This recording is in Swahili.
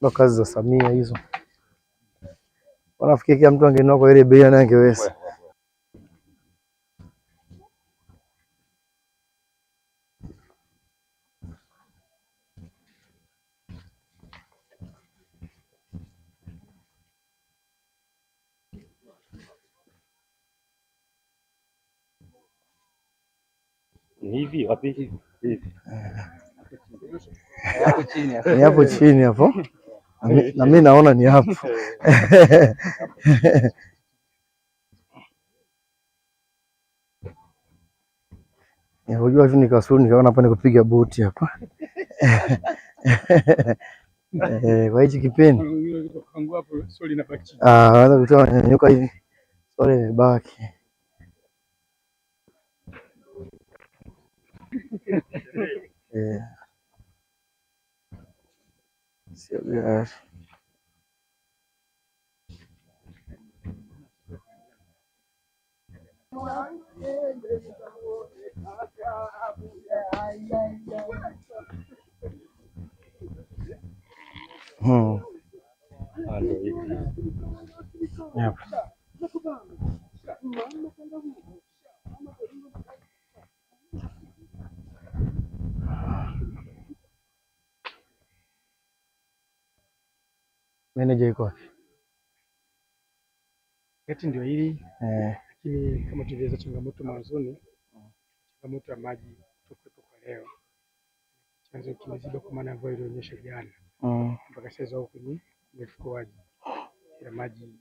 Ndo kazi za Samia hizo. Wanafikia kila mtu angenua kwa ile bei naye angeweza. Hivi wapi hivi? Hapo chini hapo na mimi naona ni hapo. Hujua tu nikasuru nikaona hapa nikupiga boti hapa eh, kwa hichi kipindi ah, naweza kutoa nanyanyuka hivi, sori imebaki eh. si hablar. Hmm. Aduh. Meneja iko wapi? Eti ndio hili eh. Lakini kama tuliweza changamoto mwanzoni, changamoto ya maji tukuwepo kwa leo, chanzo kimeziba kwa maana mvua ilionyesha jana mm. mpaka sasa huko kwenye ya maji